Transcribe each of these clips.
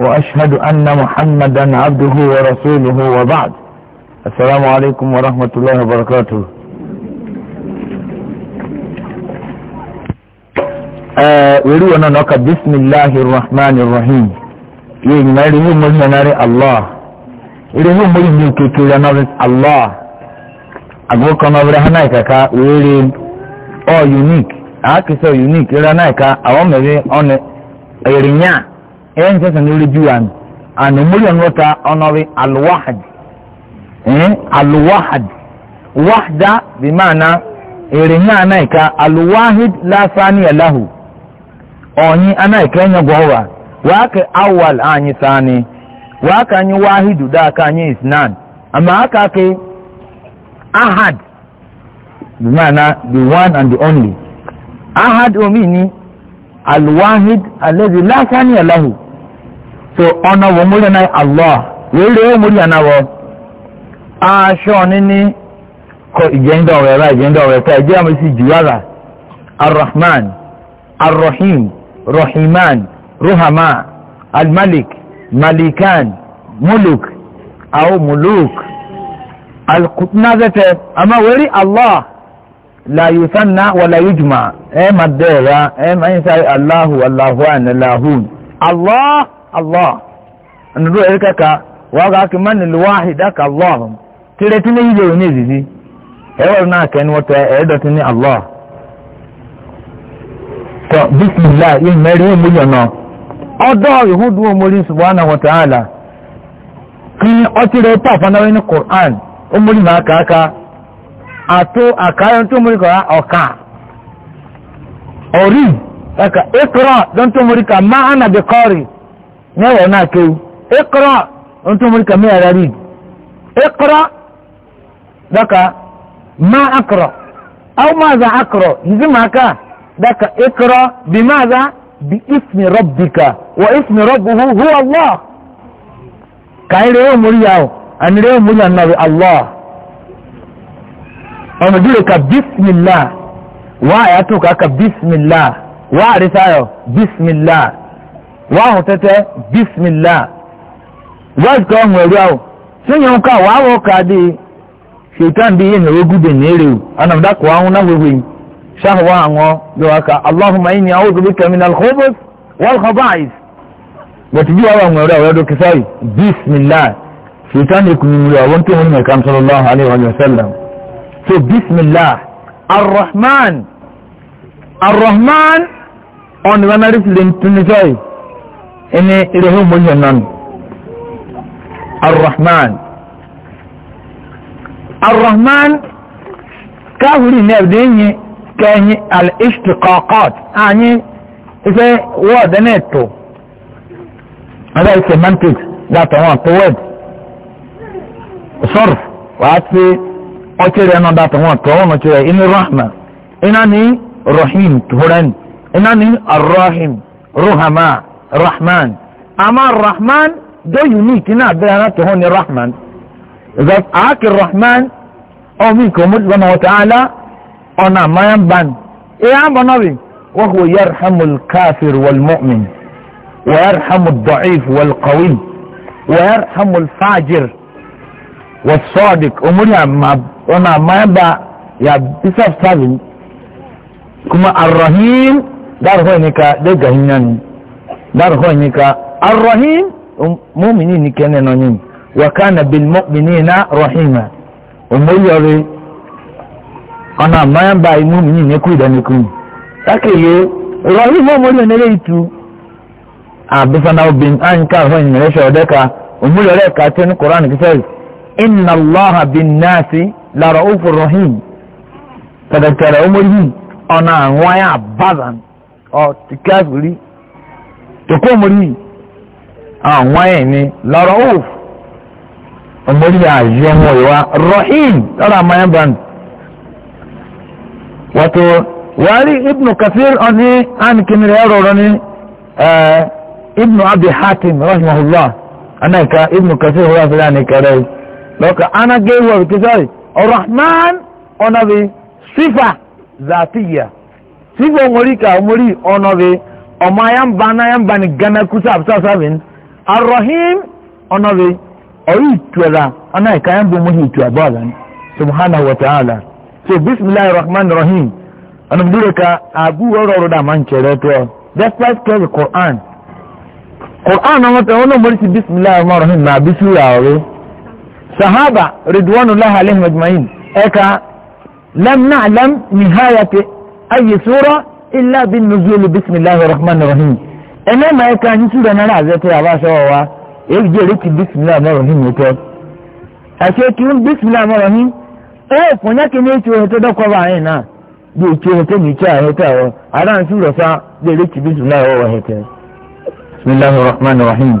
وأشهد أن محمدا عبده ورسوله وبعد السلام عليكم ورحمة الله وبركاته وريونا نوكا بسم الله الرحمن الرحيم يجمع رهو مجنري الله رهو مجنري كتير الله أقولك نظر هناك ويرين او يونيك أكسو يونيك يراناك أوامري أون إرنيا ẹ̀yẹ́ ń sẹ́sẹ̀ lórí jù àná àná mórí ọ̀nà ọ̀ta ọ̀nọ́rí alwahad ẹ̀yẹ́ alwahad wahda bí máa na èrè ní anáìka alwahid lásánì ẹ̀láhù ọ̀nyin anáìka ẹ̀yẹ́ awal ànyi sáni wàá anyi wahidu dáa anyi isnan àmà ákà kẹ́ ahad bí máa the one and the only ahad omi ni alwahid alẹ́dì lásánì aláhù so ọ̀nà wọ́n múlò náà allah wèrè ó múlò náà wọ́ aṣọ níní kọ ìjẹ́ndọ̀ rẹ̀ rà ìjẹ́ndọ̀ rẹ̀ tẹ́ ẹjẹ́ àmì sí jùwárà arrahman arrahim rahiman ruhama almalik malikan muluk àwọn muluk alkutnazẹ́tẹ̀ àmà wẹ́rí allah la yusanna wala la yujma e eh, madera e eh, ma yin sai allahu allahu an lahun allah allah nuru e ka. wa ga ki man al wahida ka allah tire yi ile ne zizi e wa na ken wata e do tine allah to bismillah yin mari mu yono odo yuhudu o mori subhanahu wa ta'ala kin o tire ta fa na ni qur'an o mori ma ka ka ato akayon to muri kora oka ori aka ikra don to muri ka ma ana be kori ne wo na ke ikra don to muri ka me arari ikra daka ma akra au ma za akra yizima ka daka ikra bi ma za bi ismi rabbika wa ismi rabbuhu huwa allah kai rewo muri yawo an rewo muri annabi allah ọmọ dúró ka bísmìlá wá àyàtò kàkà bísmìlá wá àrísáyọ bísmìlá wá àhùn tẹ́tẹ́ bísmìlá wá ìsìkọ́ ọ̀hún ẹ̀rú àwọ̀ sínyẹn ká wàá wọ̀ ká dé ṣètàn bí yẹn ìró gúdè nìyẹrẹ o ọ̀nàmdá kò àwọn náà wéwèé ṣáà wá àwọn bí wàá ká aláhùnmá yìí ni àwọn òbí kẹmínà lọ́kọ́bọ̀s wọ́n kọ́ báyìí bí wàá wà ọ̀hún ẹ̀rú اكتب بسم الله الرحمن الرحمن on the one that is in the in الرحمن joy in الرحمن الرحمن كاولي نبديني كاني الاشتقاقات يعني اذا ورد نتو هذا السيمانتكس ذات وان تو ورد صرف وعطفي ọkẹrẹ ẹna data wọn tọ ọnà kyerẹ ẹni rahma ẹna ni rahim tuhuran ẹna ni arrahim ruhama rahman ama rahman dẹ unique náà bẹrẹ ẹna tọ hàn ni rahman ẹgbẹ àákè rahman ọmọ ìkọ ọmọ ìgbọnà wọta àlá ọ̀nà mayan ban ẹ yà bọ̀ náà bi wọ́n kò yẹ rahamul káfíìr wàlmọ́min wàyàrhamu dọ̀cif wàlqawim wàyàrhamu fàjir wàsọ́ọ̀dìk ọmọ ìyá máa. wannan amma yadda ya fi sabin kuma arrahim dar hoy ne ka daga hinnan dar hoy ne ka arrahim um, mu'mini ni kene no nyin wa kana bil mu'minina rahima umuyore ana mayan bai mu'mini ne ku da ne ku take ye rahim mo le ne itu abisana bin an ka hoy ne shodeka umuyore ka ten qur'an ki sai inna allaha bin nasi lara ofur rahim tadakara omori ọna àwọn ọ ti káfìrí tòkó omori àwọn ya ni lara of omori ya yọ wọn rahim lọ́la amaya brand wato wari ibn kafir ọni anikin rẹ rọrọ ni e, ibn abi hatim rahimahullah anaika ibn rọrọ ọ̀rọ̀hman ọ̀nàbí sífà zàtìyà sífà òmòrí ka òmòrí ọ̀nàbí ọmọ ayámbá náyámbá ni gánà kú sáàbùsáàbìn arọ̀hìn ọ̀nàbí ọ̀rí ìtura ọ̀nà ìka ayámbá òmòrí ìtura bọ́ọ̀lá subhana wa ta'ala so bisimilahi rahman rahim ọ̀nàbí dúró ka àbú ọ̀rọ̀ ọ̀rọ̀ dàmà ń kẹrẹ tó despite kẹrì quran quran ọmọ tẹ wọn náà mọ̀rí sí bisimilahi rahman rahim nà àbí súra ọ̀rẹ́ sahaba ridwanullahi alaihim ajma'in eka lam na'lam nihayati ayi sura illa bin nuzul bismillahir rahmanir rahim ene ma eka ni sura na raze to aba so wa e je ri ti bismillahir rahim to ase ki un bismillahir rahim e fun ya kini ti to do ko ba yin na bi ti o te ni ti he ta o ara sura sa de ri ti bismillahir rahmanir rahim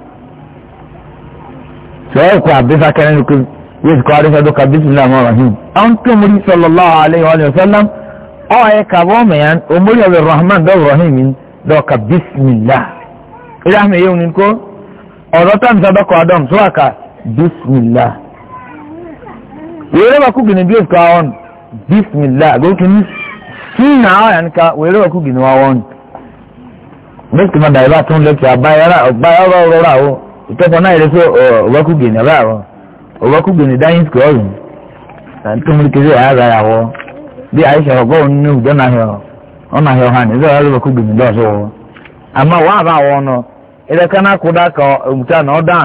sọ̀rọ̀ kọ àbífà kẹrin ní kúrú yéésù kọ́ àdéfà dọ́kà bísílẹ̀ àmọ́ rahim. àwọn tó mú sọlọ́lá aleyhi wa sallam ọ̀ ẹ̀ kàbọ̀ mẹ́yàn òmùrí ọ̀bẹ rahman dọ́wọ̀ rahim dọ́kà bísílẹ̀. ilé àmì yéwu ni kó ọ̀rọ̀ tó adam sọ́wọ́ àkà bísílẹ̀. wèrè wà kúkì ní bíyèsù àwọn bísílẹ̀ gòkè ní sínú àwọn ntọ́fọ́ náà yẹ sọ ọ̀wákùgbìn ọ̀rọ̀ àwọ̀ ọ̀wákùgbìn dáhìn skọ́ọ̀lù ntọ́mọdé ọrụ àyàrá àwọ̀ bí ní ìjọ náà hẹ̀ ọ̀nà hẹ̀ ọ̀hán ní ìjọba ọ̀wákùgbìn dọ́ọ̀sọ̀ wọ̀ àmọ́ wọ́n àbá àwọn ọ̀nà òmùtá náà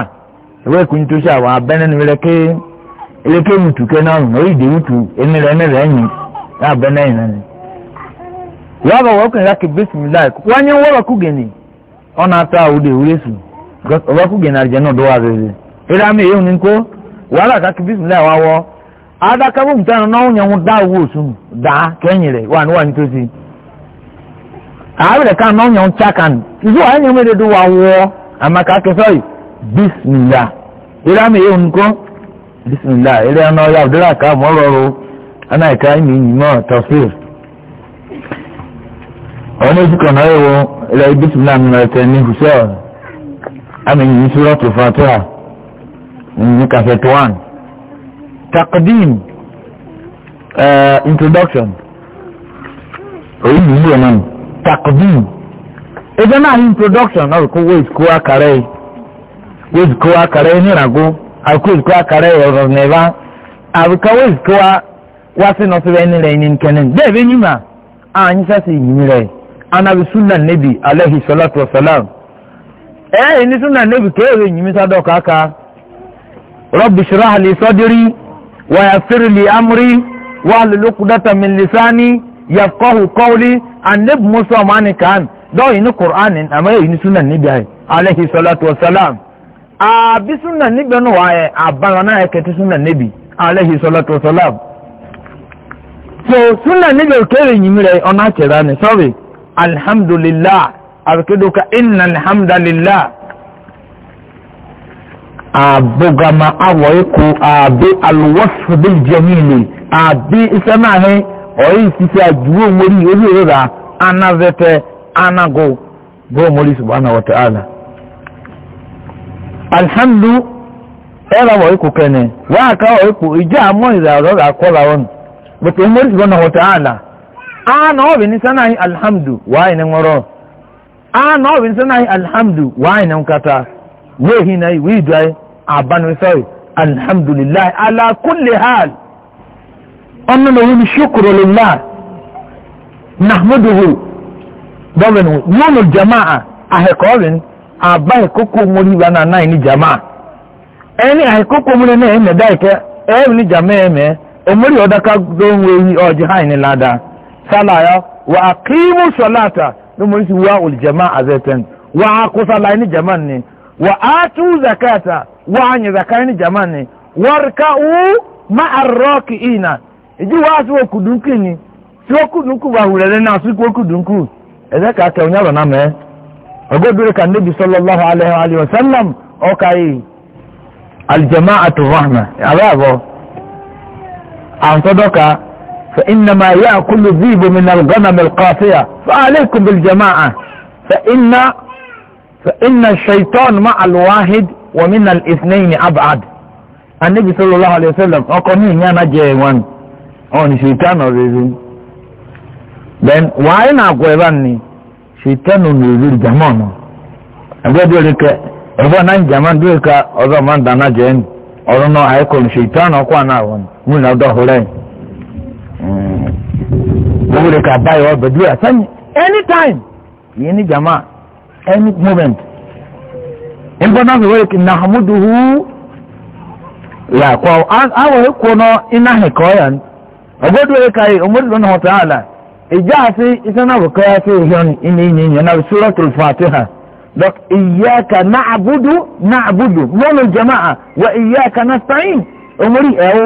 ìwé ìkùn tó ṣe àwọn ọba kú gẹ̀nà àrìjẹ náà dọ́wà rẹ̀ ìrámi èyí ni kó wàhálà kákì bísílẹ̀ àwọn awọ adákábò mùtánù náà yẹn ń owó òsùn dá kẹ́yìn rẹ̀ wà níwà ní tòsí àárẹ̀ kan náà yẹn ń ìṣó wọ́ àmàkà èyí kó ọ̀yà ká mọ́rọ̀rọ̀ anáìka ilẹ̀ ẹ̀tẹ̀ ní àmì yìí sùrọ̀tù fatiha ní cassette one takdim uh, introduction òyìn yìí yẹn náà takdim ẹjọ́ náà introduction náà kó wéèsì kó àkàrẹ́ yìí wéèsì kó àkàrẹ́ níràgó àkó èsì kó àkàrẹ́ ọ̀rọ̀ nẹ̀fà àbíká wéèsì kó wá sí nọ́sọ̀rọ̀ ẹni rẹ̀ ní nkẹ́ni bẹ́ẹ̀ bẹ́ẹ̀ ní mà á yín sẹ́sì yìí nebi alayhi salatu salam ee ni suna nebi ka ewe nyimi sadọka aka rabbi shirah li sadri wa yassir li amri wa lulukudata min lisani yafqahu qawli annab musa mani kan do yin qur'an amma yin suna nebi ai alayhi salatu wassalam a bi suna nebi no waye abana ya kete suna nebi alayhi salatu wassalam so suna nebi ka ewe nyimi re ona ni sorry alhamdulillah أذكرك إن الحمد لله abogama awọ̀ẹ́kù àbí alùwọ́sọ̀dé jẹ̀míìlì àbí iṣẹ́ náà hẹ́ ọ̀yẹ́ ìṣiṣẹ́ àjúwò mórí olóòrà anazẹ́tẹ̀ anago gbọ́mọ̀lì subhanahu wa ta'ala. alhamdu ẹ̀rọ ọ̀ẹ́kù kẹ́nẹ̀ wọ́n àká ọ̀ẹ́kù ìjọ àmọ́ ìràrọ̀ àkọ́là wọn bẹ̀tẹ̀ mórí subhanahu wa ta'ala. àná ọ̀bìnrin sánáà alhamdu wàá ìnẹ́wọ́rọ̀. a na ọrụ nsị naghị alhamdu wanyị na nkata wee hi na wee eh? ah, idu anyị abanụ sọrị alhamdulilahi ala kulli hal ọnụ na wuni shukuru lillah nahmuduhu bọ́bẹ̀nù yónú jama'a ahẹ́kọ́rin àbá ìkókò mórí wa náà náà ní jama'a ẹni ahẹ́kókò mórí na ẹ̀mẹ̀ dá ìkẹ́ ẹ̀mẹ̀ ní jama'a ẹ̀mẹ̀ omori ọ̀daka dóhùn eyi ọ̀jẹ̀ ha ní ládàá sálàyà wà á kí mú sọ̀láta numuri si wa ul jama'a zaitan wa ku sallah ni jama'an ne wa atu zakata wa anyi zakai ni jama'an ne warka'u ma'ar raki'ina iji wa su ku dunki ni si wa ku dunku ba hurere na su ku dunku eze ka ka unya na me ogo dure kan nabi sallallahu alaihi wa alihi wasallam o kai al jama'atu rahma ababo an فإنما يأكل الذيب من الغنم القافية فعليكم بالجماعة فإن فإن الشيطان مع الواحد ومن الاثنين أبعد النبي صلى الله عليه وسلم أقنين يانا جيوان أون شيطان الرزيل then وين أقويباني شيطان الرزيل جمانا أقول لك أبا نان جمان دوك أظمان دانا جين أظمان أيكم شيطان أقوانا ون من أدوه لين owó mm. rẹ̀ kà báyọ̀ ọbẹ̀ díẹ̀ sẹ́yìn anytime yìí ní jama any moment importance of work na hamuduhu la kwa awo ekuo no ina hekoyan ogodu rẹ̀ kà yìí omodu lọ́nà wọn tààlà ìjà àti iṣẹ́ náà sí yẹn sọ́rọ́ tó dọ́k náà náà náà sáyìn ẹ̀wọ́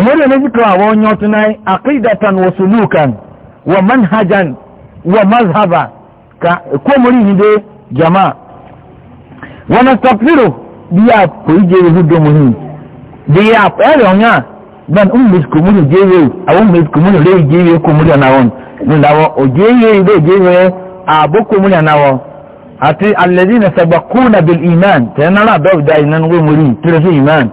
Umoja na zikra wa nyotu nai aqidatan wa sulukan wa manhajan wa mazhaba ka ko muri ni de jamaa wa nastaghfiru biya ko je hudo muhi biya pere onya ban ummis ko muri je ye awon mis ko muri le je ye muri na won ni lawo o je ye muri na won ati alladhina sabaquna bil iman tanara dawda inan go muri tire iman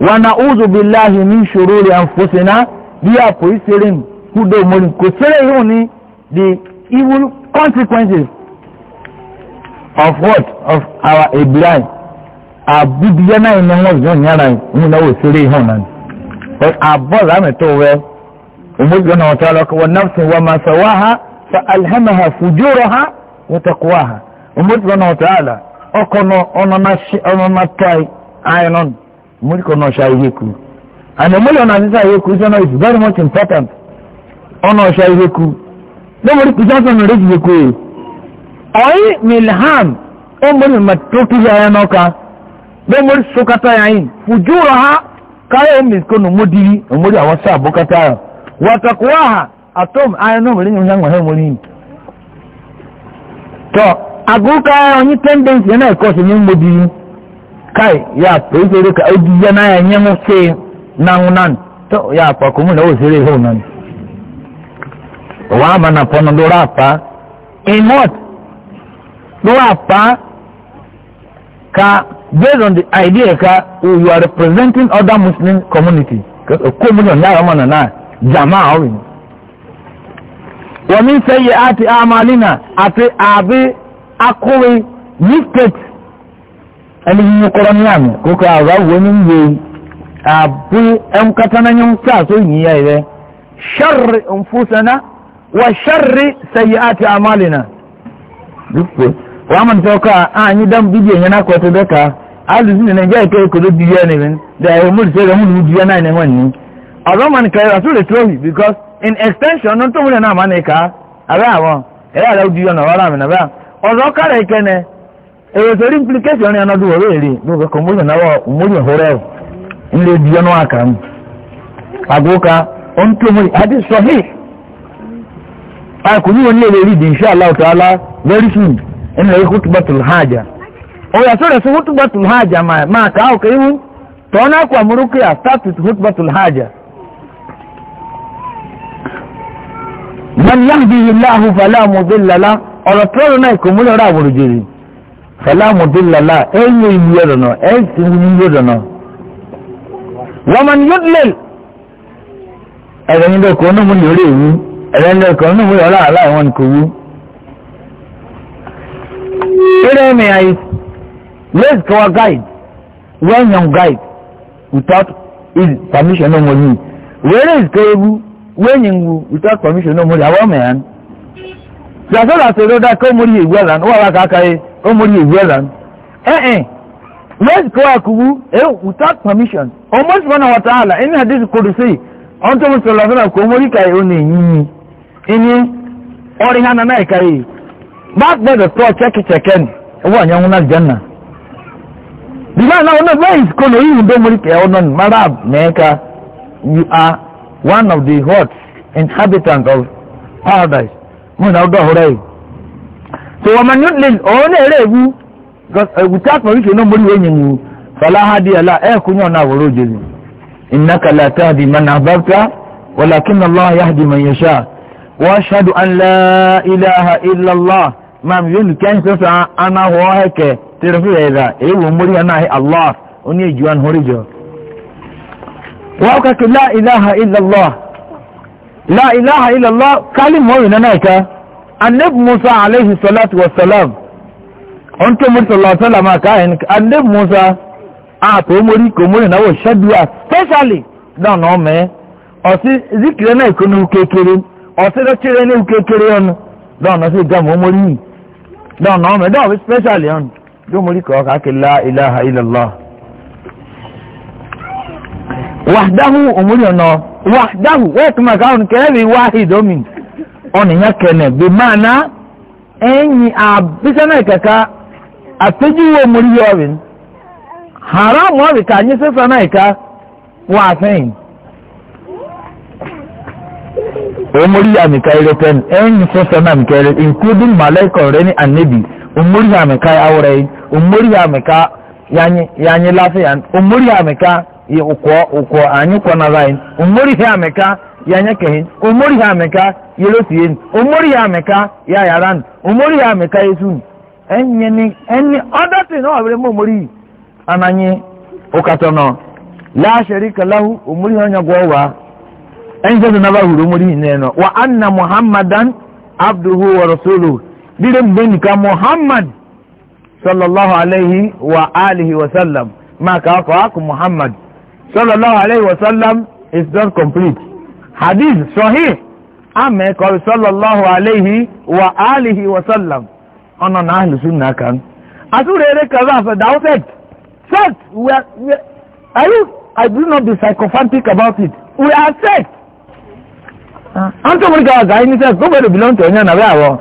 ونعوذ بالله من شرور أنفسنا بيا بويسرين كودو مولين كسره يوني the evil consequences of what of our ibrai abudiya náà ẹni wọn yóò yára ẹni náà wò sílé ihàn náà but abọ́ lámẹ̀tọ́ wẹ́ ọmọdé náà wọ́n tọ́lọ́ kọ́ wọ́n náà wọ́n máa sọ wá ha fa alhamaha fujúrò ha wọ́n tọ́kọ́ ha ọmọdé náà wọ́n tọ́lọ́ ọkọ̀ náà ọ̀nà náà tọ́ ayé náà muriko no sha iheku and emulio na sisa iheku so no is very much important ono sha iheku e no e ku. johnson e no reji iheku e oyi milham o muri matoki ya ya noka no muri sokata ya yin fujuro ha kare o misko no modiri o muri awon sa abokata ya watakuwaha atom ayo no muri nyanya ngwa he muri to onye onyi ya na ikosi ni modiri kai ya pese rika audi yana ya nye mu se nan nan to ya pa ko mu na o sere ho nan wa ma na pono do rapa in what do apa ka based on the idea ka you are representing other muslim community ko mu na ya ma na na jama'a wi wa min sayyiati a'malina ati abi akuri mistake ẹni yíyí kọ́rọ́ ní àmì kókó àrà wo ní yé àbú ẹnkátánà yín káàtó yìí yá rẹ ṣárì nfúsánà wà ṣárì sẹyìn àti àmàlìnà. dùpẹ́ wàá mọ̀ nípa ọkọ àyìn dám bíbí ẹ̀yẹn náà kọ́tọ́ dọ́ka alùsùn ní nàìjíríà ìkẹ́ ìkòdó di yẹn nìyẹn dẹ̀ ẹ̀ mú ìṣẹ̀lẹ̀ mú ìlú náà nìyẹn ni. because in extension ní tó múlẹ̀ náà má nìka àbẹ́ àwọn ẹ̀rọ àlẹ́ òdi yẹn náà ọ̀rọ̀ àmì nàbẹ́ ewe sori implication ya nadu wore ri no be komoyo na wa umoyo hore ile biyo no aka mu agoka on to mo hadi sahih a kuni woni ile ri insha Allah taala very soon in la khutbatul haja o oh, ya sore so khutbatul haja ma ma ka o kai to na kwa muruki ya start with khutbatul haja man yahdihi Allah fala mudilla la ọ̀rọ̀ tó rọ̀ náà ìkòmúlẹ̀ ọ̀rọ̀ salamu dillala ẹ̀yẹ ìlú ẹ̀rọ náà ẹ̀sìn ìlú ẹ̀rọ náà wọ́n mọ̀ ní yóò lè ẹ̀rẹ́yìn lẹ́kọ̀ọ́ ọ̀nà mú yọrí èyí ẹ̀rẹ́yìn lẹ́kọ̀ọ́ ọ̀nà mú yọrí àlá àwọn nǹkan wú. eré mi our guide when young guide without his permission ọmọ yìí wẹ́rẹ́ ìsìkò ewu wẹ́yìn wu without permission ọmọ yìí àwọn mẹ́rin. ṣàṣọ́lá ṣe ló dá kọ́ mórí ìgbẹ́ lánàá wọ́n wá kàkàyé. omori ezuelan ee eh, eh, west kowakubu eh without permission almost one hour ta'ala in hadith kudusi on to musu lafira ko omori kai o ne yin ini ori hana na kai back by the door check check in wa nyanwu na janna bila na ona where is kono yin do omori kai onon oh, marab meka you are one of the what inhabitants of paradise mo na do horai so wọ́n mani lè ọ̀hún náà èrè ewu ẹ̀wùtá àpọ̀ríṣẹ́ náà mórí wẹ́yìn mu fàlàhádìí ẹ̀là ẹ̀kú yàn náà wọ̀rọ̀ òjòzì ìnáka látàdì mọ́nà àbáfíà wàlàkínà lọ́wọ́ yáàdì mọ̀nyẹ̀ṣà wọ́n ṣáàdù ànlá ìlàhà ìlàlá máa mi yóò kẹ́yìn sọ́sọ́ anáwọ̀ ẹ̀kẹ́ tẹ̀rẹ̀fẹ̀ ẹ̀dà èyí wọ́n mórí annabi musa alaihi salatu wassalam on to murta allah sallama kayan annabi musa a to mori ko mori na wo shadua specially don no me o si zikire na ikunu kekere o si do chire ni kekere on don no si gam mori don no me don specially on do mori ko ka ke la ilaha illallah wahdahu umuri no wahdahu wa kuma kaun kebi wahidomin ọ̀nìyàn kẹ̀nẹ̀ bí máa ná ẹ̀yìn àbísánà ìkẹ̀kà àtẹ́júwò mórí ọ̀rìn haram ọ̀rìn kà ní sísánà ìka wọ́n àfẹ́yìn omori ya mikai reten enyi sísánà mikai reten including malaikon rẹ and anabi omori ya mikai awurai omori ya mikai yanyi lafiya omori ya mikai ukwọ ukwọ anyị kwọ na rain omori ya mikai ya nya kehe omori ha meka yelo tie omori ha meka ya yaran omori ha meka yesu enye ni enye other thing no abere omori ananye okato no la sharika lahu umuri ha nya gwa enje na ba huru omori ne no wa anna muhammadan abduhu wa rasuluhu dire mbeni ka muhammad sallallahu alaihi wa alihi wa sallam ma ka fa muhammad sallallahu alaihi wa sallam is not complete hadith sahih ame kọrọ alaihi wa alihi wa ọnọ na ahlu sunna kan asúrò eré kẹrọ àfẹ dáwọ we are you i do not be psychophantic about it we are set antomori kawa gaa ni set gbogbo èdè belong to nàbẹ́ àwọ̀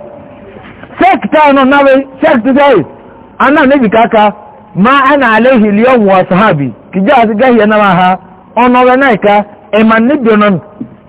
set táwọn náà náwé set ti sẹ́yìn aná níbi káka ma ana kìjọ́ àti gẹ́hìẹ́ náà ha ọ̀nà ọ̀rẹ́ náà ká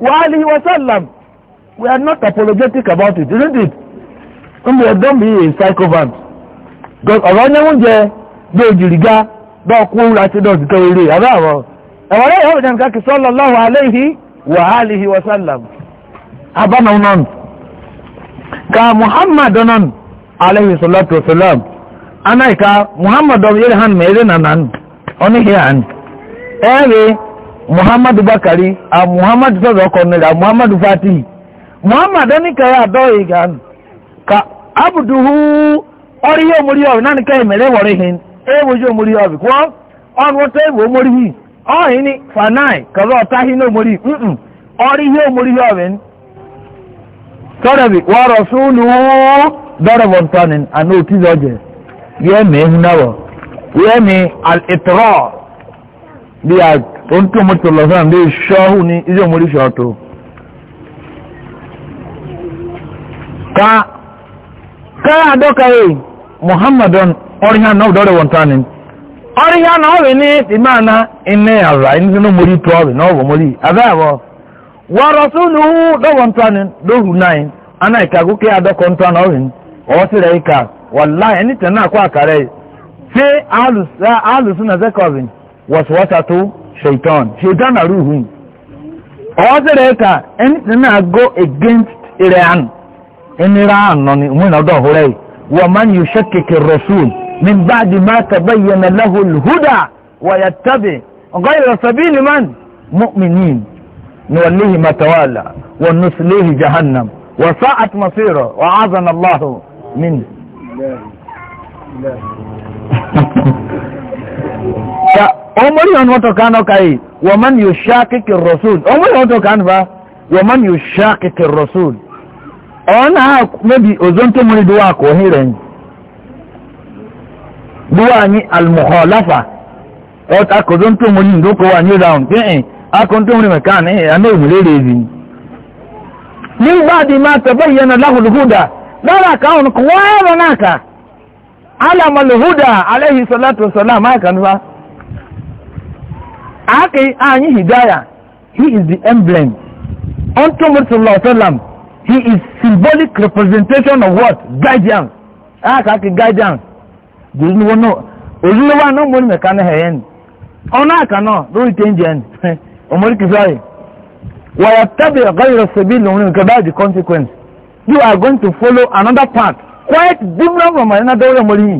wàhálì wasallam we are not apologetic about it isn't it n bẹ don be a psychopath because ọ̀rọ̀ ọ̀nyẹ́wọ̀n jẹ bí ojìrìgá bá ọkùn òwúrọ̀ àti dọ̀tí kan eré àbá àwọn ẹ̀wọ̀n rẹ̀ yóò dẹ̀nka kì sọ́lọ̀ lọ́wọ́ aléhi wàhálì wasallam abánáwó náà ka muhammad nan alayhi salatu wasalam ana ka muhammad ọ̀rọ̀ yẹ́rẹ̀ hàn mẹ́rin nànán ọ̀nìhìyàn ẹ̀rẹ́ muhammadu bakari a muhammadu sọ̀rọ̀ ọkọ̀nìrì a muhammadu fati muhammadu ẹnikẹ́yẹ àdọ́yì gan ka abuduhu ọrị ihe omori ọbị naanị ka emere wọrị hin ewuji omori ọbị kwụọ ọrụ ụtọ ewu omori hi ọhịn ni fanai kọrọ ọta hi n'omori mm ọrị ihe omori ọbị sọrọbi wọrọ sụlụ dọrọbọ ntọnin ana otizi ọjọ yẹ mee hụ na wọ yẹ mee al-itrọ bi a tó ń tó mọ́tò lọ́sàn lè ṣọ́hù ní ilé ọ̀tọ̀ ká náà dọ́rẹ̀ wọ́n náà ní ìmáàna iná àrà inú mórí tó ọ̀rẹ̀ náà wọ̀ mórí abẹ́àwọ̀ wọ́rọ̀ súnú dọ́wọ́n tán ni lóhùn náà aná ìkàgókè adọ́kọ̀ tán ọ̀rìn ọwọ́ shaitan shaitan na ruhu ọwọ́sẹ̀rẹ̀ ẹ̀ka ẹni na go against iran ẹnira àná ni òun náà dọ̀hún rẹ̀ wọ́n máa ń yọ ṣẹ́kẹ̀kẹ̀ rọ̀ṣùn ní báàdì máa tàbá yẹn lẹ́hùn húdà wọ̀yà tàbí ọ̀gá ìrọ̀sọ̀bí liman mọ́mìnín ni wọ́n léhi matawala wọ́n nùsùlẹ́hi jahannam wọ́n sá àtúmọ̀sírọ̀ wọ́n azan allahu min. Yeah. omori on wato kano kai wa man yushaqiqi ar-rasul omori wato kan ba wa man yushaqiqi ar-rasul ona maybe ozonto muri duwa ko hiren duwa ni al-mukhalafa o ta ko zonto muri ndo ko wa eh, eh, eh, ni down eh a ko nto muri mekan eh ana umulele zi ni badi ma tabayyana lahu al-huda dara ka on ko wa naka alama al salatu wassalam aka ba ake anyi ah, hidayah he is the emblem unto Muhammad he is symbolic representation of what guidance aka ah, ake guidance jùlọ wọn náà òjúlọ wa náà mọ̀ ní mẹ̀ká náà ẹ̀yẹ́ ni ọ̀nà àkà náà lórí tẹ́ǹjẹ̀ ni ọmọdé kìfáyì wàyà tẹ́bẹ̀ ọ̀gáyọ̀ ṣẹ̀bí lòun nìkan bá the consequence you are going to follow another path quite different from another way ọmọdé yìí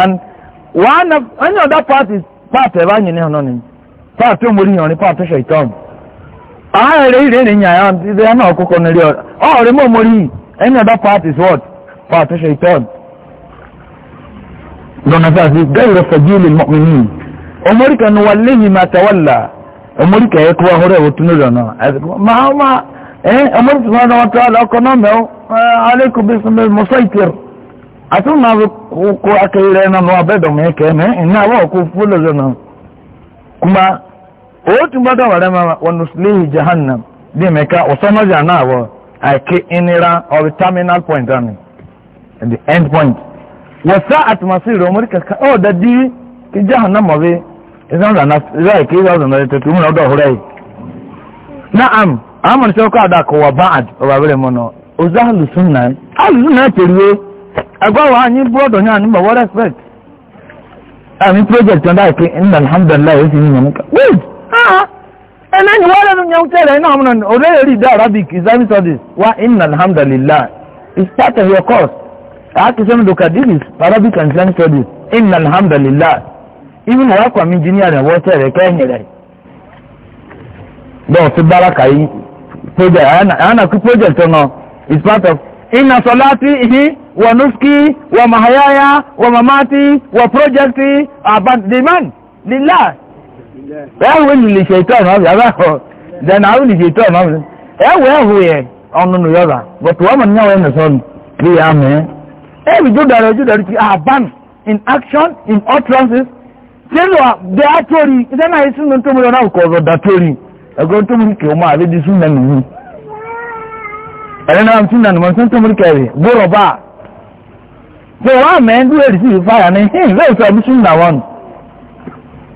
and one of any other path is path ẹ̀ bá yẹn ní ọ̀nà nìyí pàtó mórí yàn ní pàtó ṣètọ́n ààrẹ ìrẹ́ ìrìn yàn ìdẹ́ ẹ̀nà ọkọ̀kọ̀ nílé ọ̀rọ̀ ọ̀rẹ́ mọ́ mórí any other part is what pàtó ṣètọ́n lọ́nà sáàsì gẹ́rọ fẹ̀gílì mọ́mìnì ọmọrí kan wà léyìn máa tẹ̀wọ́là ọmọrí kan ẹ̀kọ́ ọ̀rẹ́ ìwò tún lọ́nà ọmọrí tí wọ́n tọ́ ọkọ̀ náà mẹ́wọ́ alẹ́kùn bí sọmọ mọ́sáìtìr àtúnmọ̀ kó akẹ́rẹ́ náà wà bẹ́ẹ̀ dọ̀mọ́ ẹ̀kẹ́ mẹ́ ìnáwó ọkọ̀ fúlọ̀ lọ́nà kuma otu gbada were mama wanuslihi jahannam dị meka ụsọnọja na abụọ ake inira of terminal point ami the end point wasa atmosphere ọmụrụ kaka ọ dadi ki jahannam ọbi ịzọnza na ịzọ ike ịzọ ọzọ na ịtụtụ ụmụ na ọdọ ọhụrụ anyị na am amụrụ sị ọkọ ada kọwa baad ọba bere mụ nọ ozu ahụ lụsụ nna ahụ na Agwa agwawa anyị brọdọ nye anyị mba wọ ekpekt. ami project ndị a ike nna alhamdulilayi esi nna m ka wait Ah, ah. ẹnẹ́ni wọ́n lẹ́nu yẹn ń tẹ̀lé iná ọmọ náà òré rí dá arabic islamic studies wa inna alhamdulillah. is part of your course akisẹ́mi dokadilis arabic and islamic studies inna alhamdulilah even wọ́n kọ́ mi engineer rẹ̀ wọ́n tẹ̀lé kẹ́yìn rẹ̀ bẹ́ẹ̀ fi báraka yìí project àyànà kí project ọ̀nà is part of inna salati ihi wa nuski wa mahayaya wa mamati wa projecti abandonment lillah. ewe eh, lili shaitan ọbịa abahọ then ahụ lili shaitan ọbịa ewe ahụ ya ọnụnụ eh, ya ọba but wọ́n mọ̀ nyawo ya nọsọ bi ya mee ebi eh, jodara jodara ti aban ah, in action in utterances sẹ́nu àbẹ́ àtọ́rí ìṣẹ́ náà yìí sínú tó múlò náà kọ̀ ọ̀rọ̀ dàtọ́rí ẹ̀gbọ́n tó múlò kẹ̀wọ́ máa lédi sún mẹ́nu yìí ẹ̀rẹ́ náà tún nànú mọ́ tó múlò kẹ̀rẹ̀ gbọ́rọ̀ bá tó wọ́n àmẹ́ ń dúró èrì sí ìfáyà ní hìn lóòótọ́ bí sún nà wọ́n.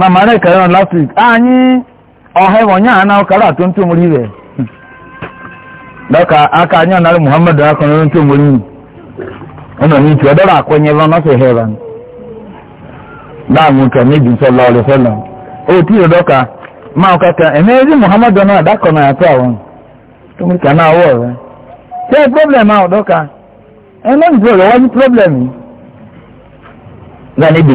mama rẹ̀ kẹrẹ́ wọn last week anyi ọ̀hẹ́ wọn yàn án ọ̀kadà tó ń tó aka anyi ọ̀nàrẹ̀ muhammadu akọ̀nà tó ń mórí ọ̀nà mi tù ọ̀dọ́rọ̀ àkọ́nyẹ lọ náà fẹ̀hẹ́ rẹ̀ dáàmú kẹ̀ níbi lọ dọ́kà máa ẹ̀mí muhammadu náà dákọ̀ náà yàtọ̀ àwọn tó mú náà wọ̀ ṣé problem àwọn dọ́kà ẹ̀ problem yìí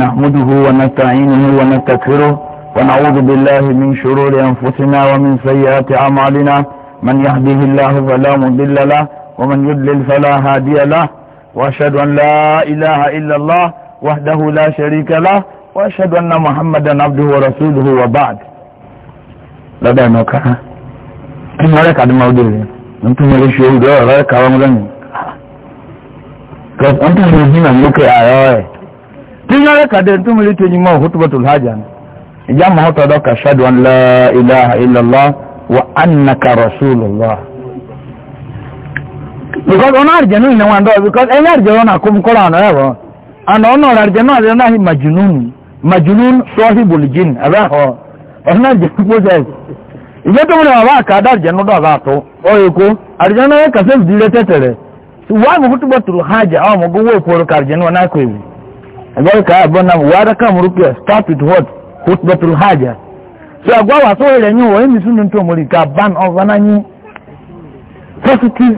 نحمده ونستعينه ونستغفره ونعوذ بالله من شرور أنفسنا ومن سيئات أعمالنا من يهده الله فلا مضل له ومن يضلل فلا هادي له وأشهد أن لا إله إلا الله وحده لا شريك له وأشهد أن محمدا عبده ورسوله وبعد لا لدى نوكا مالك عد موضوع أنتم مالك شهود رأيك عوام لن أنتم مهمة نوكي عيوه آه. tinyere ka de ntu mili tenyi ma hutubatul haja ija ma hoto do ka shadu an la ilaha illallah wa annaka rasulullah because ona arjanu ina wando because ene arjanu na kum kola na yawo and ona eh, arjanu na na majnun majnun sahibul jin abaho eh, ona arjanu ko sai ije to mura ba ka dar janu do ba to oye ko arjanu ka se dire tetere wa hutubatul haja aw mo go wo ko arjanu na ko yi ẹgbẹ́rẹ́ka àbọ̀nà wàdàkà mùrùkẹ́ start with what put hutbatul hajj so àgbà wà sóhè rẹ̀ yín wọ̀nyí mísún ní tòmùrì ká ban ọ̀fà náà yín positive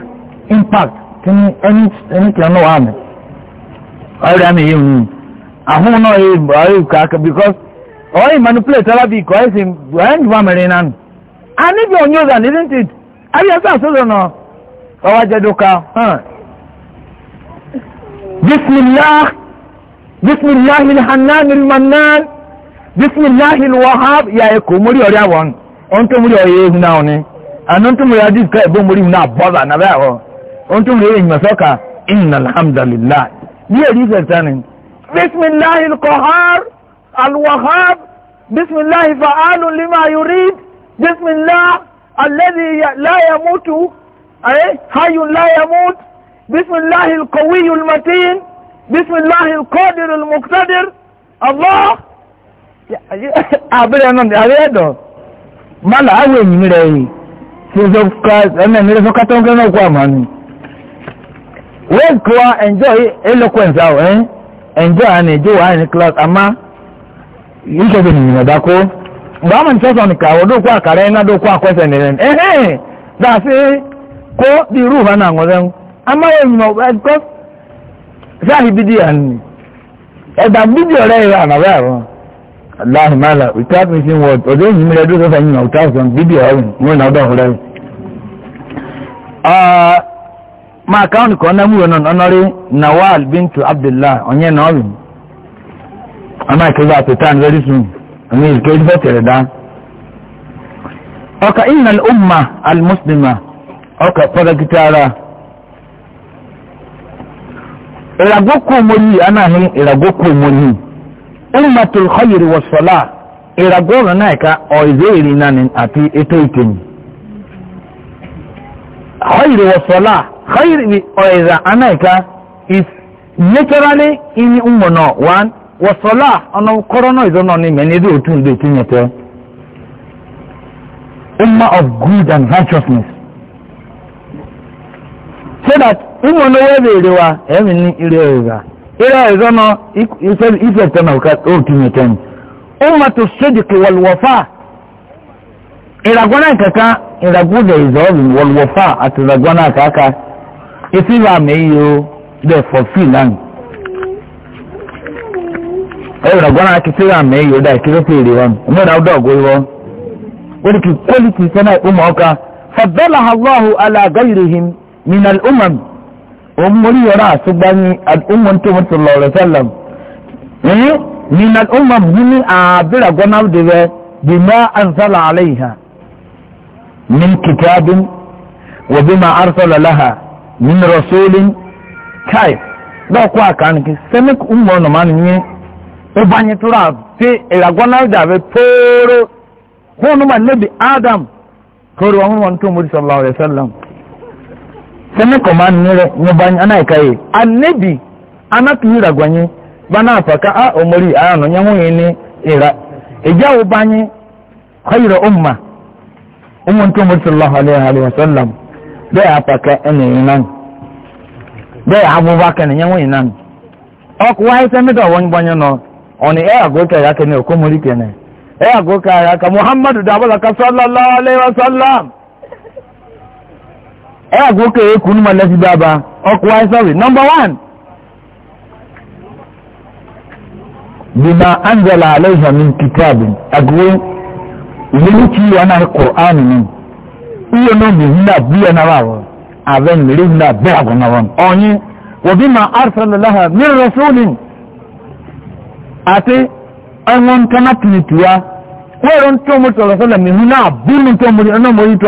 impact tí ní ẹni ẹni kìlọ̀ náà wà mí ọ̀rẹ́ àmì yìí nù àhún náà yìí ọ̀rẹ́ kàkà because ọ̀rẹ́ manipulate arabic ọ̀rẹ́ sì ọ̀rẹ́ ní wà mẹ́rin náà nù àníbi ọ̀nyọ́sàn isn't it àbíyẹ̀sà sọ̀rọ̀ náà ọwọ́ àjẹdọ́ka bismillah. بسم الله الحنان المنان بسم الله الوهاب يا يكو مري اوري اوان انتو مري اوي هنا اوني ان انتو مري ادي كا ابو مري هنا بابا نا باو انتو مري ان مسوكا ان الحمد لله دي دي ثاني بسم الله القهار الوهاب بسم الله فعال لما يريد بسم الله الذي لا يموت اي حي لا يموت بسم الله القوي المتين بسم الله القادر المقتدر الله abẹ́rẹ́ náà abẹ́rẹ́ dọ̀ má làáwọ̀ èyí rẹ̀ yìí tí ó sọ́kà ẹ̀mẹ́ mi rẹ̀ sọ́kà tó ń kẹ́ náà kó àmà enjoy eloquence enjoy and enjoy wa ní class àmá ìṣẹ́bẹ̀ nìyẹn ọ̀dà ka bá mi sọ́sọ̀ nìkan na dókòó àkàrà ẹ̀ náà dókòó àkọ́sẹ̀ eh ẹ̀hẹ́n dàsí kó di rúùfà náà ama ń. àmọ́ èyí mọ̀ sáàhì bídíò ẹ̀ ni ẹ̀dà bídíò rẹ̀ rà nàbẹ́ àrùn aláhùn without missing word ọ̀dọ́ ìyìn rẹ̀ dúró sọ́fà yìnyín ọ̀tá ọ̀sán bídíò ọ̀rìn mú ìnà ọ̀dọ́ ọ̀rẹ́ rẹ̀. máa káwọn nìkan náà mú ìrònà ọ̀nọ́rí nawal bintu abdullah ọ̀nyẹ́ nọ́ọ̀rìn ọmọ ìkẹgbẹ́ àpẹtàn very soon ọmọ ìkẹgbẹ́ ìfẹ́ dá. ọkà ìnà al al-muslima ọkà ìràgókò mọ́lì anáhìn ìràgókò mọ́lì ọmọtòl xayiri wọ sọlá ìràgóòrò náà ká ọ̀ẹ́dẹ́ ìrìn náà àti ètò ìtẹ̀yìn. xayiri wọ sọlá xayiri ọ̀ẹ́dà anáà ká is naturally ìní ọmọnà wọn wọ sọlá ọ̀nà izo ìzọ́nà ni mẹ́ni ẹ̀dẹ́ òtún ìdè ìtìyẹ̀tẹ̀. umma of good and righteousness. so that ụmụnne webe irewa emi ni ire ọrịa ire ọrịa nọ ifepụta na okinyete m ụmụtụ sojiki walwafa iragwana kaka iragwuda izọbi walwafa at aka kaka ifiba meyi o de fulfill am iragwana kifiba meyi o da kifiba irewa ụmụ na ụdọ wani ki kwaliti sana ụmụ for fadalaha allahu ala min al'umam omori yara asugbani al'umman tó mutu lọrọ sallam min al'umam nini a bira gona debe bima anzala alaiha min kitabin wa bima arsala laha min rasulin kai da ku aka ni sami umma na mani ni o banye tura fi iragona dabe toro ko numa nabi adam koro wa mun to mutu sallallahu alaihi wasallam sene command nyere nyebanye anaikaye anebi anatuyira gwanye bana afaka a omori ano nyanwo yene era eja ubanye khayra umma umuntu umuri sallallahu alaihi wa sallam afaka ene yinan be gbanye ya kene okomori kene e agoka ya ka muhammadu e kò kè é kùnú mọ̀lẹ́ sí ọkọ̀ wa nọmba wán. bima anzala alayha min kitabin agwo ilimi ci yana qur'ani ne iyo no mi hinda biya na bawo aben mi na won onyi wa bima arsala laha min rasulin ate anwon kana tinituwa rasulun mi bi mi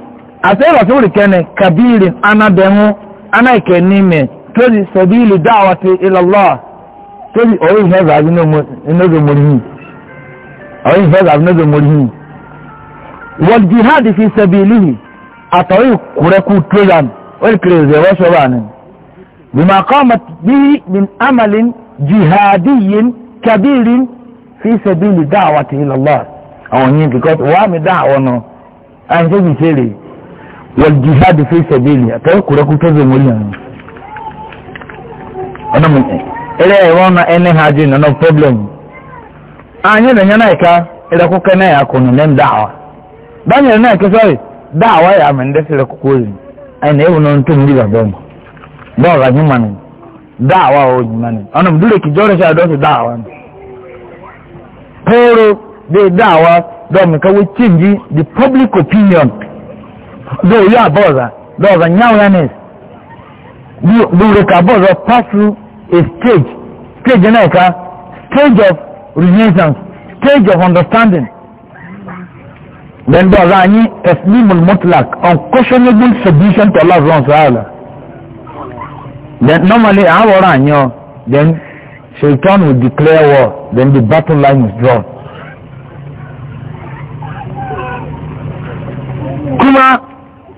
asẹ́rọ̀ tó rìkẹ́ni kàbíìrì anádẹ́hún anáìkẹ́ ní mẹ́ tóbi sọ̀bíìlì dáwà ti ìlọ́lọ́ tóbi ọ̀rọ̀ ìfẹ́zà inódò mọ̀rìhìn ọ̀rọ̀ ìfẹ́zà inódò mọ̀rìhìn wọ́n jihad fi sẹ́bìlì àtọ̀rí kúrẹ́kù tóyàn wọ́n kiri ìzẹ̀ wọ́n sọ̀rọ̀ dáwà ti ìlọ́lọ́ àwọn yìí kíkọ́ wàá mi dáwà náà à والجهاد في سبيله أتذكر أكو تزم وليان أنا من إلا يوانا إني هاجين أنا problem أنا لن ينايكا إلا كو كان يكون لن دعوة بان ينايكا سوري دعوة يا من دس لكو كوزن أنا يونا نتم لي بهم بغا جمانا دعوة هو جمانا أنا مدولي كي جوري شاء دوسي دعوة Pero de دعوة دومي كوي change the public opinion though you are bother, though the nyawanes, do reka bother pass through a stage, stage neka, stage of renaissance, stage of understanding. Then bother any taslimul mutlak, unquestionable submission to Allah subhanahu wa ta'ala. Then normally our anyo, then Shaitan will declare war, then the battle line is drawn. Kuma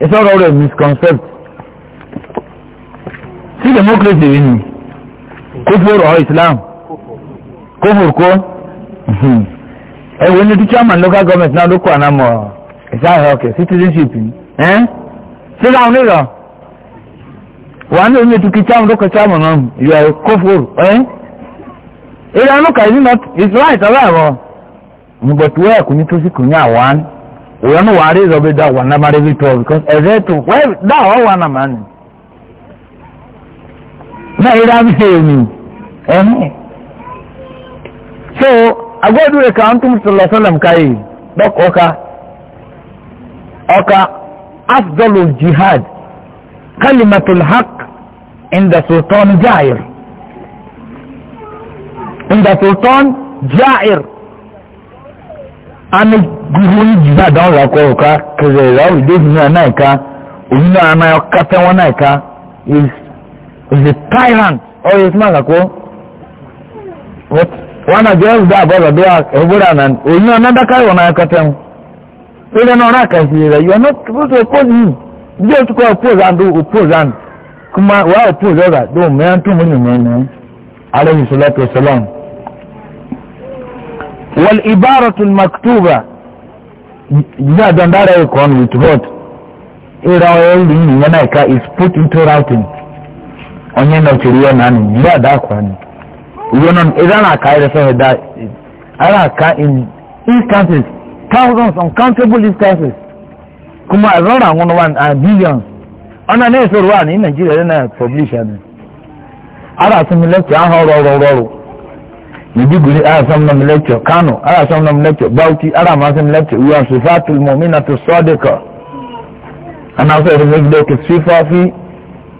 it's not always misconcept sí democracy yìí ni kófòrò ọ islam kófòrò kó ẹ wo ní chairman local government now look what I'm àná mọ ìsáhìn okay. citizenship ẹ ṣé láwọn nílò wà you omi ètùkì chairman ló kọ chairman náà yóò ẹ kófòrò ẹ ìlànà kàìsí not is right ọlọ́run mo gbẹ̀tù wẹ́ẹ̀kù ní tó sì kù ní àwọn wọ́n wà á rí ìzọ́bí dá wà nàmà rí twelve because ẹ̀rẹ́ tó wẹ́ẹ̀ dá ọ̀ wà nàmà ni. náà ìrẹ́ àmì èmi ẹ̀hìn. so agbọ́dù rẹ̀ kà ń tún sọ̀lọ̀ sọ́lọ̀ káyé dọ́kọ̀ ọ̀ka ọ̀ka afdọ́lù jihad kalimatul haq inda sultan jair inda sultan jair and gbogbo ní jìbá àdáwọn ìlà kọ ọ̀ka kẹsẹ̀ ìlàwọ̀ ìdóhùn náà náà ẹ̀ka òun náà náà kátẹ́ wọn náà ẹ̀ka is a tyrant ọ̀rọ̀ ìtumọ̀ àkàkọ́ wọn àjẹ́ ìdá àbọ̀dọ̀ bí ẹ̀gbọ́dọ̀ àná òun náà náà dákàrí wọn náà kátẹ́ wọn lórí náà náà kàṣì rẹ̀ you are not supposed to oppose me bí o ti kọ́ oppose and oppose and kuma wà á oppose ọ̀rà ló mẹ́rin tó mú nìyẹn ní wọ́n tó maktuba. this are done that icon with what ịra oil nyi na eka is put into routing onye nọchiri ya na nị ya akwa nị uwe nọ ịra na aka ịra sọ ịda ara aka in instances thousands uncountable instances kuma azọrọ anwụnụ one and uh, billions ọ na na-esoro wa na ị ya na publish ya nị ara ahụ ọrụ ọrụ ọrụ Maiduguri ana ah, samun nam lecture Kano ana samun nam lecture Bauchi ana ah, ma samun lecture we are sifatul mu'minatu sadiqa ana so irin yadda yake sifafi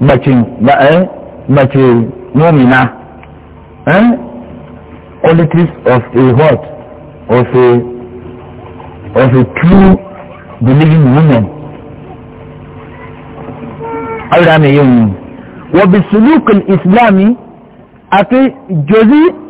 bacin ba eh bace eh? qualities of a what of a of a true believing woman Allah ne yin wa bisulukul islami ati jozi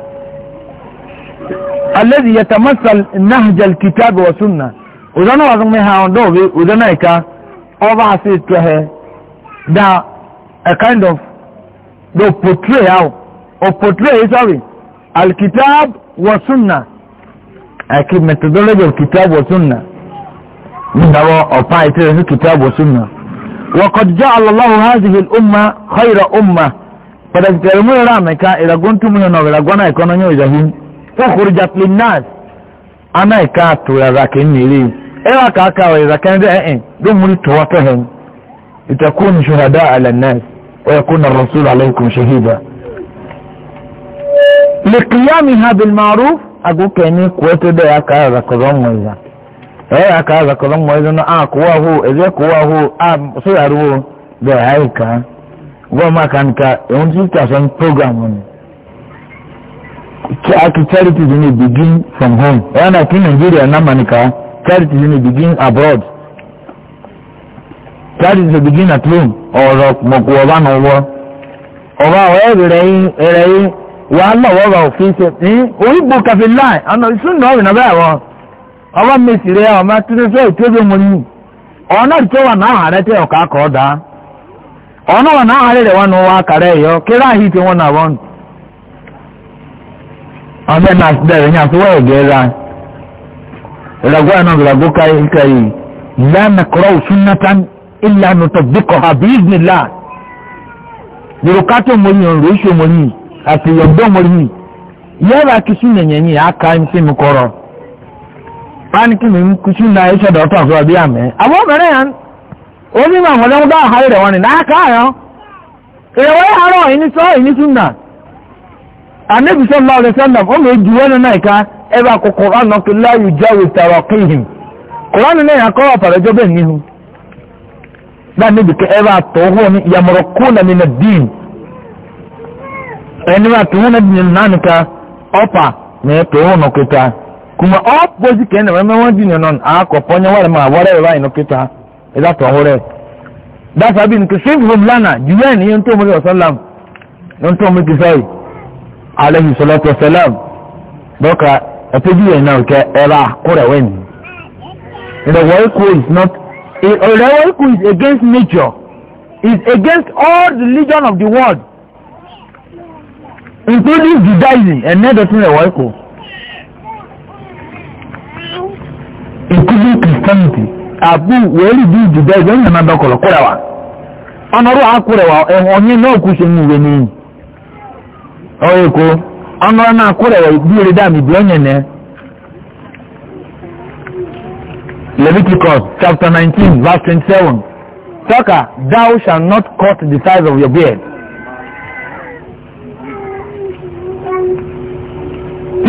alladhi yatamassal nahj alkitab wa sunnah udana wa zumma ha ndo be udana ka over say to he da a kind of do portray how or portray sorry alkitab wa sunnah aki methodology of kitab wa sunnah ndawa opa ite kitab wa sunnah وقد جعل الله هذه الأمة خير أمة فلذلك المرة رامك إذا كنتم من نوبة لقونا يكون نيو إذا هم ukhrijat linnas ana ka tura zakin nire ewa ka ka wa zakin da eh don muri to wata hen litakunu shuhada ala nas wa yakuna ar-rasul alaykum shahida liqiyamiha bil ma'ruf agu kene kuweto da ya ka za ko zon moiza eh aka za ko zon moiza no a kuwa hu eze kuwa hu a so yaruwo da ya ka goma kan ka yonji ta san program Uh, charities dey begin from home ẹ̀yà náà kí nàìjíríà náà mà nìkan begin abroad charities dey begin at home ọ̀rọ̀ mọ̀kù ọba náà wọ́ ọba ọ̀rẹ́ rẹ̀ yín rẹ̀ yín wàhálà ọ̀rọ̀ òfin ṣe ní orígbò kàfé láì àná ìsúná ọ̀rìn náà bẹ́ẹ̀ wọ́n ọba mèsì rẹ̀ ọmọ tìrẹsẹ̀ ìtẹ́gbẹ́ mọ́ ní ọ̀nà ìtẹ́wà náà àárẹ̀ tẹ́ ọ̀ká kọ́ da ọ̀nà wà náà àárẹ̀ rẹ̀ wọn wá kàrẹ́ yọ kí ọ̀nbẹ́ náà bẹ̀rẹ̀ ní àfiwọ́ ẹ̀gẹ́ ra ìrọ̀gbọ́ ẹ̀ náà ìrọ̀gbọ́ káyíkáyí ìlànà kọ́rọ̀ òsúnnátán ìlànà tọ̀gbẹ́kọ̀ àbíìznìlá yorùkátó mọ́yìn ọ̀rọ̀ oṣù mọ́yìn àti yọ̀gbọ́ mọ́yìn yẹ́rà kìsù nìyẹnì àká ṣe mi kọ́rọ̀ pánìkì mi kìsù náà iṣẹ́ dọ̀tọ̀ àfọwọ́ bí àmẹ́ àwọn obìnrin yẹn ó ní màmúlẹ́wọ́dọ̀ àhárẹ̀ wọn ni náà káyọ̀ ìrẹ̀wẹ́ àárọ̀ ìníṣọ́ anabi sallallahu alaihi wasallam o me juwe na nai ka e ba ko qur'an no ke la yujawi taraqihim qur'an ne ya ko para jo ben ni hu da ne bi ke e ba to ho ni yamrukuna min ad-din en ba to na din nan ka opa me to ho no ke ta kuma opposite ke ne me won din non a ko ponya wa ma wa re ba no ke ta e da to ho re da sabi ni ke sin hum lana juwe ni en to alayhi salatu wa salam doka apeji yẹn náà kẹ ẹ bá kúrẹ̀ wẹ̀ ni the waiku is not the waiku is against nature is against all the religion of the world including judaism and nedotin the waiku including christianity abu wẹ́ẹ́lì bí judaism ẹ̀ ń nà dọ́kọ̀lọ̀ kúrẹ̀ wa ọ̀nà ọ̀rọ̀ àkúrẹ̀ wa ẹ̀hún ọ̀nyẹ́ náà kú ṣe ń ọrụ eko ọnụ ọnụ akwụrụ ewe biri dam ibi onye na Leviticus chapter nineteen verse twenty seven. Saka, thou shall not cut the size of your beard.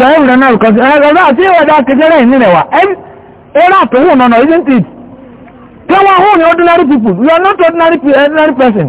Yọ̀ọ́ ìwúrẹ́ náà kọ́ sí ẹ̀rọ náà tí kékeré yìí nílẹ̀ wá. Ẹ̀rọ àtọ̀hún nọ̀nà isn't it? Tẹ́wọ̀n hùn ni ordinary people. You are not ordinary person.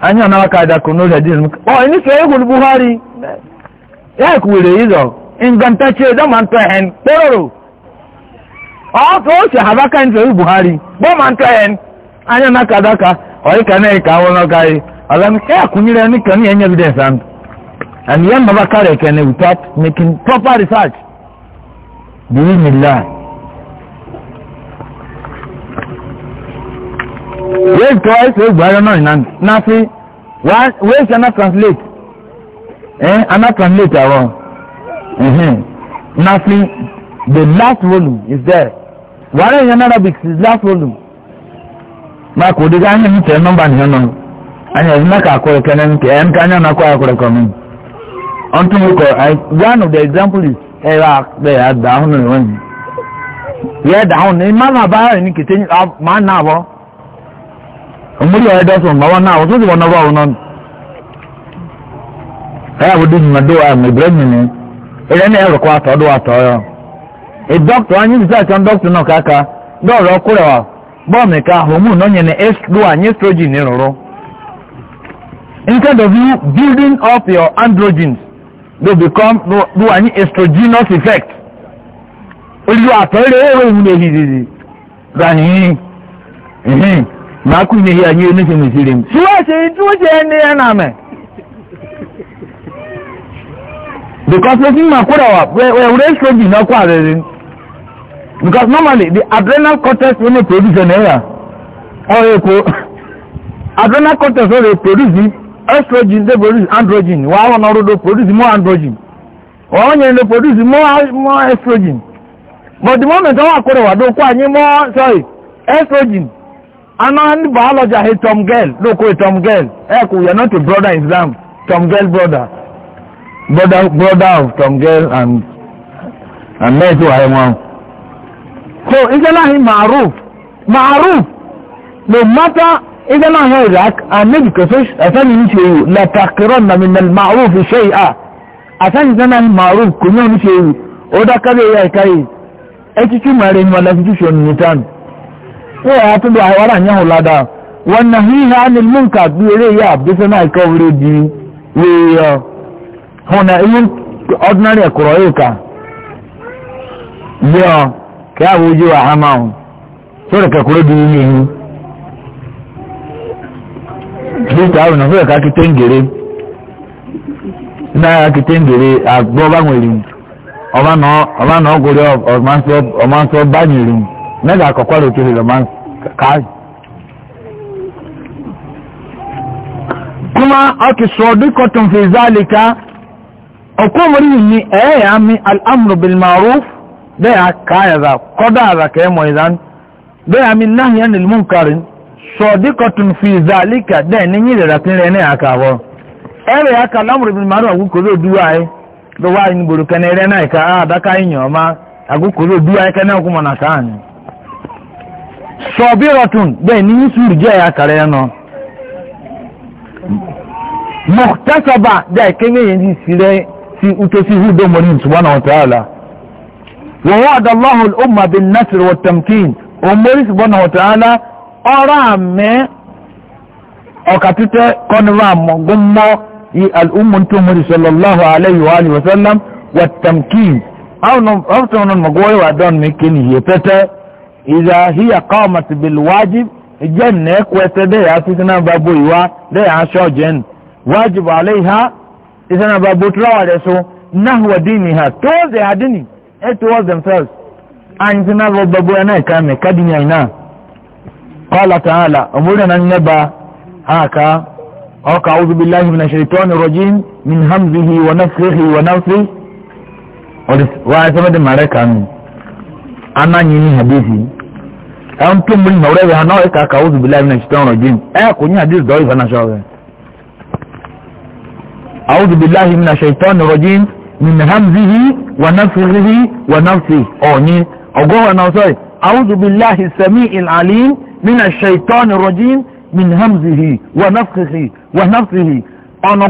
anyị anawaka adakụ n'oge oh, adịghị ọ ini so egwu buhari ya kwuwere ịzọ ingantachie dọmantọhen kpororo oh, ọtụ oche habaka ntọ buhari bọmantọhen anyị anaka adaka ọyịka na ịka ahụ n'ọgaghị ọzọ ya kwụnyere n'ịka na enye evidence ahụ and ya mbaba kari ekene without making proper research believe me lie wey twice wey buhari náà na na fi wey ṣe ana translate eh ana translate àwọn uh -huh. na fi the last volume is there buhari yan arabic is last volume máa kò dé káyọ̀ ní tẹ̀ nọ́mbà nìyẹn náà anya ẹ̀sìn náà kà kọ́ ẹ̀kẹ́ náà nkẹ́ ẹ̀ ń ká yàn náà kọ́ ẹ̀kọ́ ẹ̀kọ́ mi until one of the example is ẹ̀ wá bẹ́ẹ̀ àdá ọ̀hún ni wọ́n yìí yẹ́ ẹ̀dá ọ̀hún ni má náà ní omuli ayadaso na nawo sosi bona bawo non kaya budi nyuma do a mai brand ne ere ne ero do ato yo e doctor anyi bisa kan doctor no kaka do ro kure ka estrogen instead of you building up your androgens they become do, estrogenous effect olu máa kú ní ìyá yín oníṣẹ́ mèsìrè mu. tí wọ́n ṣe tí wọ́n ṣe ẹni ẹ̀ nà mẹ́. because wetin ma kúrò wà wẹ́wúrẹ́ estrogen na kó àrẹ̀rẹ̀ because normally the adrenal cortex wey dey produce ẹ̀ yà ọ̀ yẹ kó adrenal cortex wey dey produce estrogen dey produce androgen wà á wọn ọ̀rọ̀ produce more androgen wọ́n yẹn dey produce more more estrogen but the moment wọ́n wà kúrò wà dó kó àyín more sorry estrogen. anan biology he tom girl lóko he tom girl ẹ kò you are not a brother in islam tom girl brother brother brother of tom girl and and mẹ́ẹ̀tì wà ẹ̀ wọn. so ìjọláhi maruf maruf no matter ìjọláhi iraq anabi kẹfẹ ẹsẹni ní ṣe yìí latakirọ naminal maruf ṣe yìí a àtàkì ìjọláhi maruf kò ní ọ̀nì ṣe yìí ó dákàlẹ̀ ẹ̀ka yìí ẹ̀ títí mọ̀ ẹ̀rẹ̀ ní wọn lọ́sítúṣọ̀ nìtàn. wọ́n yà á tún bọ̀ àwọn ládàá wọn nà híhá ní múnkà bí eré yà àbísẹ́ náà ikọ̀ wúre di wíyọ uh, ihe ordinary ẹ̀kọ́rọ̀ yìí kà bí ọ uh, kí á wọ́n ojú wà há máa hùn sọ̀rọ̀ kẹ̀kọ́rọ̀ di yìí nìyí. na sọ̀rọ̀ ká kí téńgèrè náà kí àgbọ̀ bá ọ̀ma ọ̀ma mẹ́ta àkọ́kọ́ rẹ̀ tó lè máa káàkiri kuma ọkì sọ̀díkọ̀tún fi zálika ọkọ̀mọ̀rí e e ni ẹ̀yà mi al'amuru bilmaruf bẹ́yà káyàza kọ́dá àzàkà ẹmọ̀ ìzán bẹ́yà mi náhìyà nìlmùnkarin sọ̀díkọ̀tún fi zálika dẹ́ ní yìí rẹ̀ tún rẹ̀ ní àkàwọ̀ ẹ̀rẹ̀ yà ká al'amuru bilmaruf rẹ̀ sọ̀bírọ̀tún bẹ́ẹ̀ ní yusuf jẹ́ ẹ̀yà kàrẹ́ ẹ̀nà mọ̀tẹ́sọ̀bà dẹ́ kéńgé yẹn ti sílẹ̀ sí utosi húdó mọ́rí ìtùwọ́nà ọ̀tàlá wọ́n wá àdàlọ́hù ọmọ bin nasir wọ tamkin ọmọrí ìtùwọ́nà ọ̀tàlá ọ̀rọ̀ àmẹ́ ọ̀kàtútẹ́ kọ́nùrọ̀ àmọ́gúnmọ́ i al'ummantu mọ́rí sọlọ́láhù aláyhi wa alihi wa sallam wọ tamkin àwọn ọ̀tọ̀ ọ̀nà mọ̀gọ́wọ́ إذا هي قامت بالواجب الجنة كويت دي أتتنا بابويوا دي عشو جن واجب عليها إذا بابو تلاوة لسو نهو دينها توزي هديني it was themselves and إذا بابو أنا كامي كدني أينا قال تعالى أمورنا النبا هكا أوك أعوذ بالله من الشيطان الرجيم من همزه ونفخه ونفخه وعثمت مريكا أنا نيني حديثي àwọn tó múlí náà rẹ̀wẹ̀ hàn náà ẹ̀ka àkàwọ́ òdùbí láìpẹ́ náà ṣùgbọ́n ọ̀rọ̀ jim ẹ̀ kò ní àdéhùn dọ́rọ̀ ìfẹ́ náà ṣọ́ọ̀rẹ́. àwọn òdùbí láì mi náà ṣe ìtọ́nù ọ̀rọ̀ jim min hamzihi wa nafsihi wa ọgọ́wà náà sọ̀rọ̀ àwọn láì sẹ́mi ìlàlín mi náà ṣe ọ̀rọ̀ jim min hamzihi wa nafsihi ọ̀nà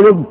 guhun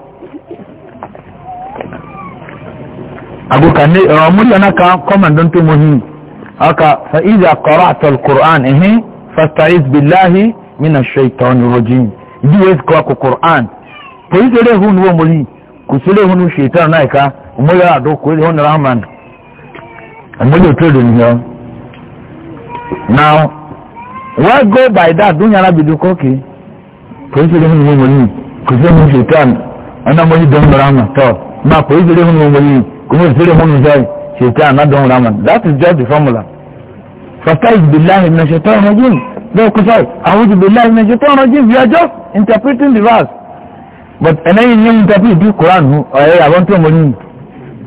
abuka ne eh, ramuri ana ka comment don to muhi aka fa idza qara'ta alquran eh fasta'iz billahi min ash-shaytanir rajim diwe ko ko quran to idere hun wo muri ku sile hun shaytan na ka mu ya do ko hun rahman amma yo to do ni now why go by that dunya na bidu ko ki to idere hun wo muri ku sile hun shaytan ana mu don rahman to ma ko idere hun wo muri kuma zire hunu zai shaitan na don raman that is just the formula fastaiz billahi min shaitan rajim zai kusa a'udhu billahi min shaitan rajim we are just interpreting the verse but ẹnẹyin yẹn interpret bí quran hu ọyẹ àwọn tó mo ní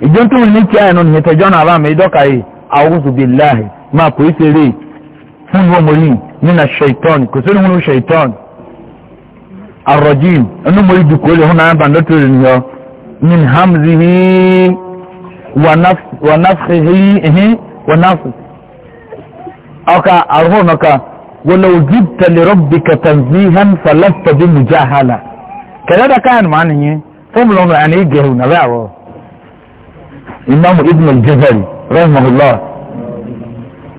ìjọ tó mo ní kí àyànnú nìyẹn tẹjọ náà bá mi ìdọ́ka yìí a'udhu billahi máa kò í ṣeré fún wọn mo ní nínà shaitan kò sóri hunu shaitan arrojim ẹnu mo rí dùkú ó lè min hamzihi. ونفخه ونفخ أوكا أرهونك ولو جبت لربك تنزيها فلست بمجاهلة كذا كان معنى فملون يعني يجهون بعض إمام ابن الجزري رحمه الله